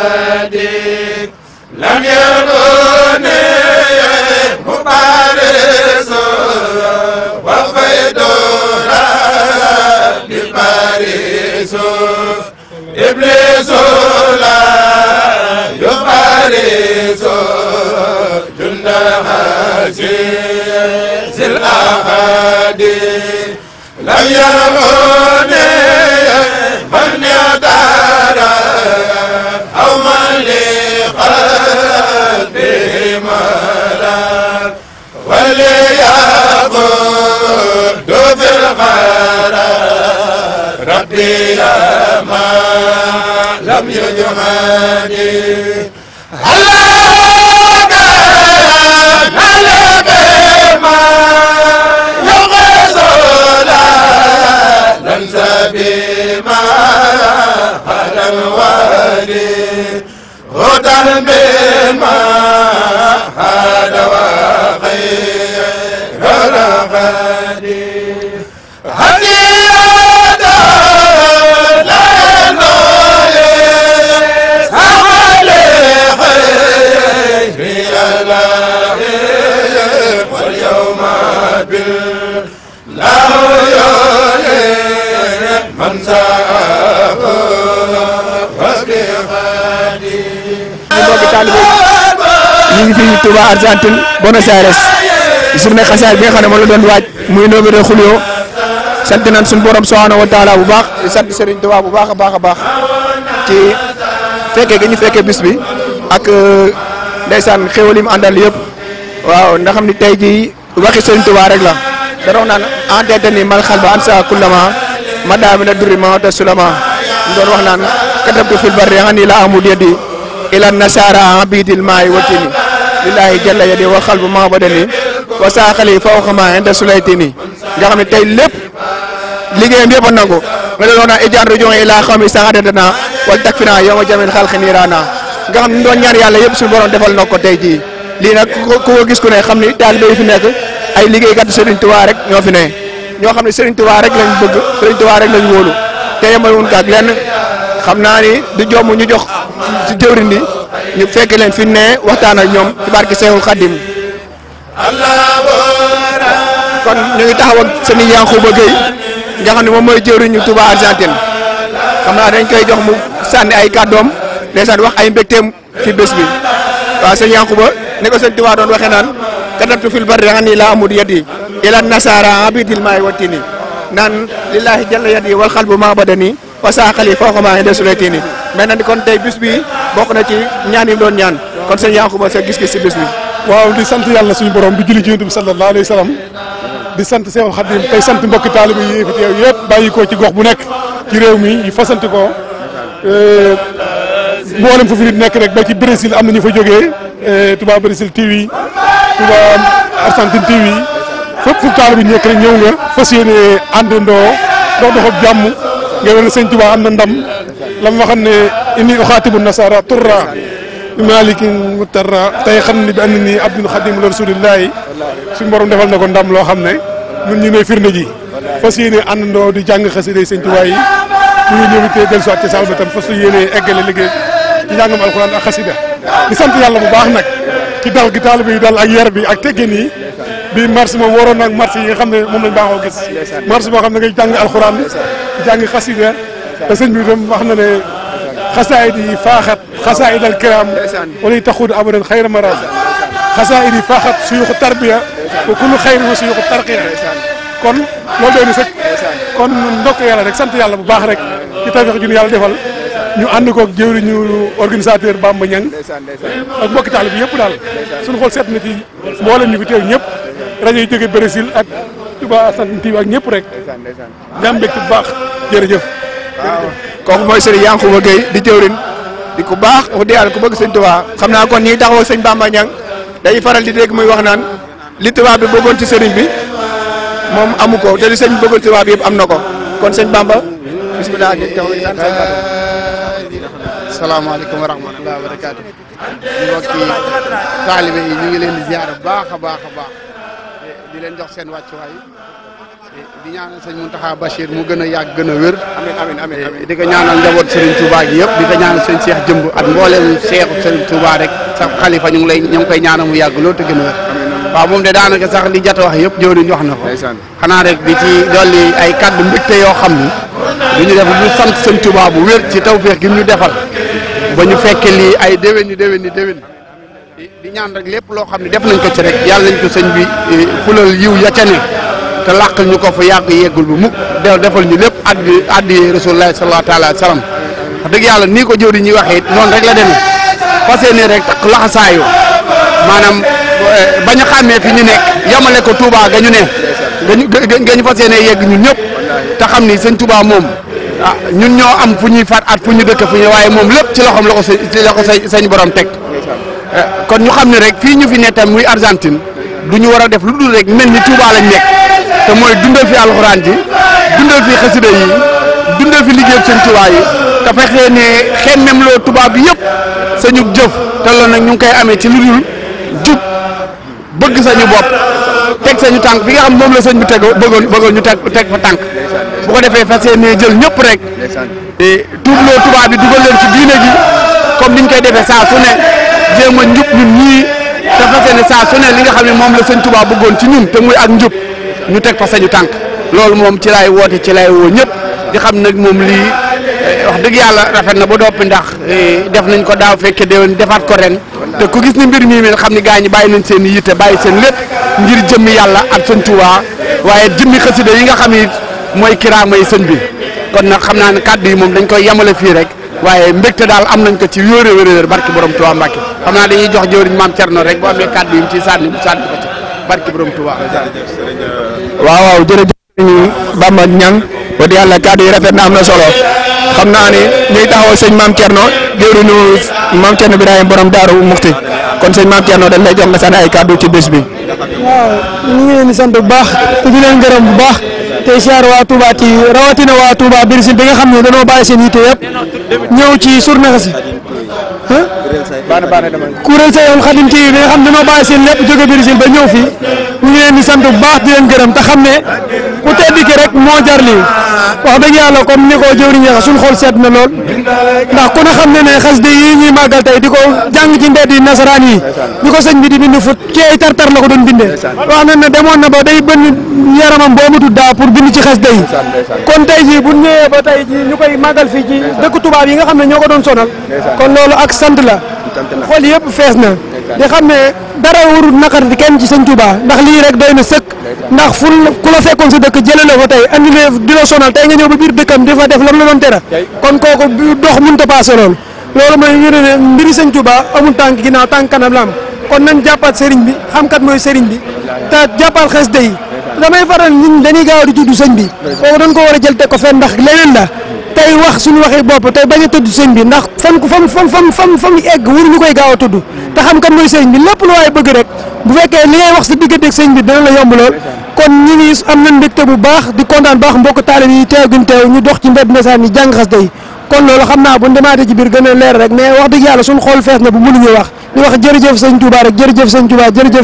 صادق لم يكن مبارز وخير ببارز إبليس لا يبارز جندها زي الأحد لم يكن ربي لما لم يجهدي الله كان على بما يغزل لنسى بما على الوالي هدى بما هذا وخير ñu ngi fii Touba Argentine Buenos Aires journée xasaay bi nga xam ne moom la doon waaj muy nobé de Julio sant nañ suñu borom subhanahu wa taala bu baax di sant Serigne Touba bu baax a baax a baax ci fekkee gi ñu fekkee bis bi ak euh, ndeysaan xéwal yi mu àndal waaw nga ni tey jii waxi Serigne Touba rek la da doon naan entêtani mal xal ba ansa kullama madaamina duri ma ta sulama ñu doon wax naan katabtu fil barri ani la amu yadi ila nasara abidil maay watini lillaahi jalla yadi wal xalbu maa badani wa saaxali faw xamaa inda sulaytini nga xam ne tey lépp liggéeyam yëpp a nangu nga doon wax naan ijaan rujuun ilaa xawmi saxadatana wal takfina yawma jamil xalqi niirana nga xam ne doon ñaan yàlla yëpp suñu borom defal na ko tey jii lii nag ko gis ku ne xam ni taalibe yi fi nekk ay liggéeykatu Serigne Touba rek ñoo fi ne ñoo xam ne Serigne Touba rek lañ bëgg Serigne Touba rek lañ wóolu te yemal wuñ ko ak lenn xam naa ni du jomb ñu jox ci jëwriñ ni ñu fekk leen fi ne waxtaan ak ñoom ci barke Seexul Xaddim kon ñu ngi taxaw ak sëñ Yankhoba Gueye nga xam ne moom mooy jëwriñu Touba Argentine xam naa dañ koy jox mu sànni ay kàddoom ndeysaan wax ay mbégteem ci bés bi waaw sëñ Yankhoba ne ko sëñ Touba doon waxee naan katabtu fil barri anni laa amud yadi ila nasara abidil maay wattini naan lillahi jalla yadi wal xalbu ma badani wa saa xali foo ko maa ngi desulee tiini mel na kon tey bis bi bokk na ci ñaan yi doon ñaan kon sëñ Yankuba sa gis-gis si bis waaw di sant yàlla suñu borom di julli ci yonent bi sallallahu alayhi wa sallam di sant Seexul Xadim tey sant mbokki taaliba yi teew yëpp bàyyi ko ci gox bu nekk ci réew mi yi fasanti ko eh, mboolem fu fi nit nekk rek ba ci Brésil am na ñu fa jógee eh, Touba Brésil TV Touba Argentine TV fépp fu taaliba nekk rek ñëw nga fas yéene àndandoo dox doxob jàmm nga wér sëñ am na ndam la mu waxoon ne inni uxaatibu nasara turra bi malikin mutarra tey xam ne bi and nii abdul xadim rasulillahi suñu borom defal na ko ndam loo xam ne ñun ñu ne firnde ji fas yéene àndandoo di jàng xasida sëñ Tuubaa yi ñu ngi ñëw te dellu siwaat ci saal ba tam fas yéene eggale liggéey ci njàngam alxuraan ak xasida di sant yàlla bu baax nag ci dal gi taalibe yi dal ak yar bi ak teggin yi bi marche moom waroon nag marche yi nga xam ne moom lañ baaxoo gis marche boo xam ne ngay jàng alxuraan jàng xasida te sëñ bi itam wax na ne xasaayid yi faaxat xasaayid al kiram wala yi taxuud abadan xayra maraad xasaayid yi faaxat suyuxu tarbiya wa kullu xayri wa suyuxu tarqiya kon loolu doy na sëkk kon ndokk yàlla rek sant yàlla bu baax rek ci tawfeex ju ñu yàlla defal ñu ànd koog jëwriñu organisateur Bamba Ñang ak mbokki taalibe bi yëpp daal suñu xool seet na ci mboolem ñu fi teew ñëpp rajo yi jóge Brésil ak Touba Argentine ak ñëpp rek nga am mbégte bu baax jër jëf waaw kooku mooy sëriñ Yankuba Gueye di jëwrin di ku baax wax dëgg yàlla ku bëgg sëñ Tuubaa xam naa kon ñiy taxaw sëñ Bamba Ñang day faral di dégg muy wax naan li tubaab bi bëggoon ci sëriñ bi moom amu ko te li sëñ bi bëggoon ci bi yëpp am na ko kon sëñ Bamba bisimilah di taxaw di naan sëñ Bamba. ñu ngi leen di ziar bu baax a baax a baax di leen jox seen wàccuwaay. di ñaanal sëñ Mountakha Bachir mu gën a yàgg gën a wér. amiin amiin amiin eh, di ko ñaanal njaboot Serigne Touba gi yëpp di ko ñaanal sëñ Cheikh Jëmb ak mboolem Cheikh Serigne Touba rek sa xalifa ñu lay ñu ngi koy ñaanal mu yàgg loolu te gën de daanaka sax li jot wax yëpp jëwriñ wax na ko. xanaa rek di ci ay kaddu yoo xam ni du ñu def lu sant sëñ Touba bu wér ci tawféex gi ñu defal ba ñu fekkee lii ay déwéni déwéni déwén. di ñaan rek lépp loo xam ne def nañ ko ci rek yàlla nañ ko sëñ bi eh, fulal yiw ya ca ne te làqal ñu ko fa yàgg yeggul bu mukk defal ñu lépp addi addi rasulullah sallallahu taala wa salaam wax dëgg yàlla nii ko jëw di ñuy waxee it noonu rek la demee fas yéene rek takk laxasaayu maanaam eh, bañ a xàmmee fi ñu nekk yamale ko Touba ga ñu ne nga ñu fas yéene yegg ñun ñëpp te xam ni sëñ Touba moom ah ñun ñoo am fu ñuy faat at fu ñu dëkk fu ñu waaye moom lépp ci loxoom la ko ci la ko sañ borom teg eh, kon ñu xam ne rek fii ñu fi ne tam muy Argentine du ñu war a def lu dul rek mel ni Touba lañ nekk. te mooy dundal fi alxuraan ji dundal fi xasida yi dundal fi liggéeyam seen tubaab yi te fexee ne xemmem loo tubaab bi yëpp sañu jëf te loolu nag ñu ngi koy amee ci lu dul jub bëgg sañu bopp teg sañu tànk fi nga xam moom la sëñ bi teg bëggoon bëggoon ñu teg teg fa tànk bu ko defee fas jël ñëpp rek te tuubloo tubaab bi dugal leen ci diine gi comme ni ñu koy defee saa su ne jéem a njub ñun ñii te fas yéene saa su li nga xam ne moom la sëñ tubaab bëggoon ci ñun te muy ak njub. ñu teg fa sañu tànk loolu moom ci laay woote ci laay woo ñëpp di xam nag moom lii eh, wax dëgg yàlla rafet na ba doppi ndax eh, def nañ ko daaw fekke déwén defaat ko ren te ku gis ni mbir mii meen xam ni gaa ñi bàyyi nañ seen yitte bàyyi seen lépp ngir jëmmi yàlla ak sëñ Tuubaa waaye jëmmi xasida yi nga xam ni mooy kiraama yi sëñ bi kon nag xam naa ne kàddu yi moom dañ koy yamale fii rek waaye mbégte daal am nañ ko ci wéer wéer barki borom Tuubaa Mbàkke xam jox jëwriñ maam Cerno rek bu amee kàddu yi mu barke borom Touba. waaw waaw jërëjëf sëriñ Bamba Niang wax dëgg yàlla kàddu yi rafet na am solo xam naa ne ñuy taxaw sëñ maam Thierno jëwriñu maam Thierno Birahim borom Daaru Muxti kon sëñ maam Thierno dañ lay jox nga ay kàddu ci bés bi. waaw ñu ngi leen di sant bu baax te di leen bu baax te siyaar waa Touba ci rawatina waa Touba Birissine bi nga xam ne dañoo bàyyi seen yitte yëpp ci surna kuréel Seexul Xadim TV bi nga xam ne dañoo bàyyi seen lépp jóge Brésil ba ñëw fii ñu ngi leen di sant bu baax di leen gërëm te xam ne ku tedd ki rek moo jar lii wax dëgg yàlla comme ni ko jëwriñ ñeexa suñu xol seet na lool ndax ku ne xam ne ne xasida yi ñuy màggal tey di ko jàng ci mbedd yi nasaraan yi di ko sëñ bi di bind fut ci ay tartar la ko doon bindee wax na ne demoon na ba day bënn yaramam boo mutu daa pour bind ci xasida yi kon tey ji bu ñëwee ba tey ji ñu koy màggal fii ci dëkk tubaab yi nga xam ne ñoo ko doon sonal kon loolu ak sant la xol yëpp fees na di xam ne dara warul naqar di kenn ci sëñ Touba ndax lii rek doy na sëkk ndax fu ku la fekkoon sa dëkk jële la fa tey andi la di la sonal tey fa def lam la doon tere kon kooku dox mënut a passé loolu loolu mooy ñu ne mbiri sëñ Touba amul tànk ginnaaw tànk kanam la am kon nañ jàppaat sëriñ bi xamkat mooy sëriñ bi te jàppal xes de yi faral nit dañuy gaaw di tudd sëñ bi kooku dañ ko war jël teg ko fenn ndax leneen la tey wax suñu waxi bopp tey bañ a tudd sëñ bi ndax fan ku fam fam fam fam fam egg waruñu koy gaaw a tudd te xam kan mooy sëñ bi lépp lu waaye bëgg rek bu fekkee li ngay wax sa diggante ak sëñ bi dana la yomb lool kon ñu ngi am nañ mbégte bu baax di kontaan baax mbokk taalib yi teew guñ teew ñu dox ci mbedd nasaan yi jàng xasida yi kon loolu xam naa bu demaatee ci gën a leer rek mais wax dëgg yàlla suñu xool fees na bu mënuñu wax di wax jërëjëf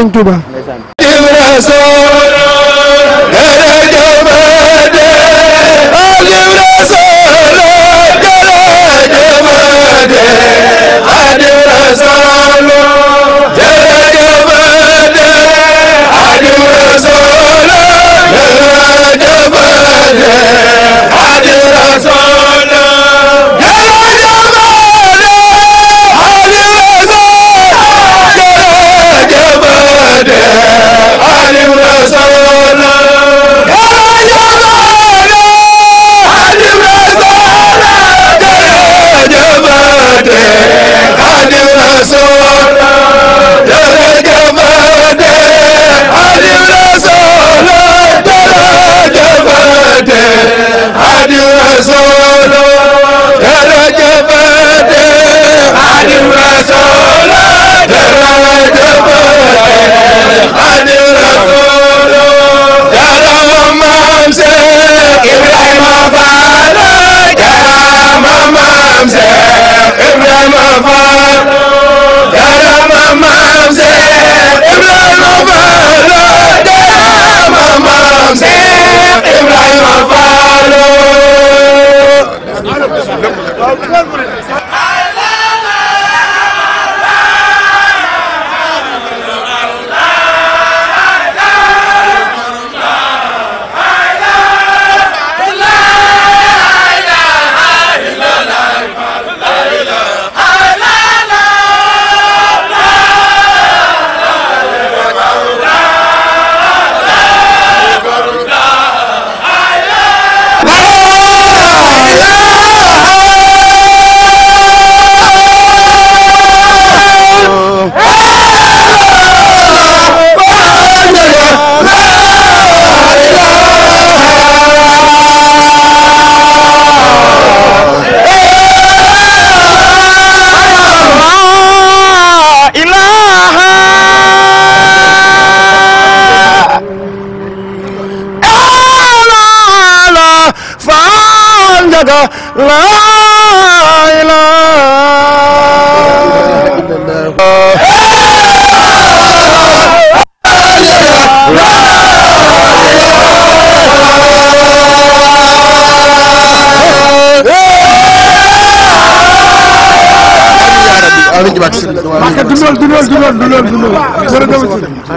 sëñ Touba rek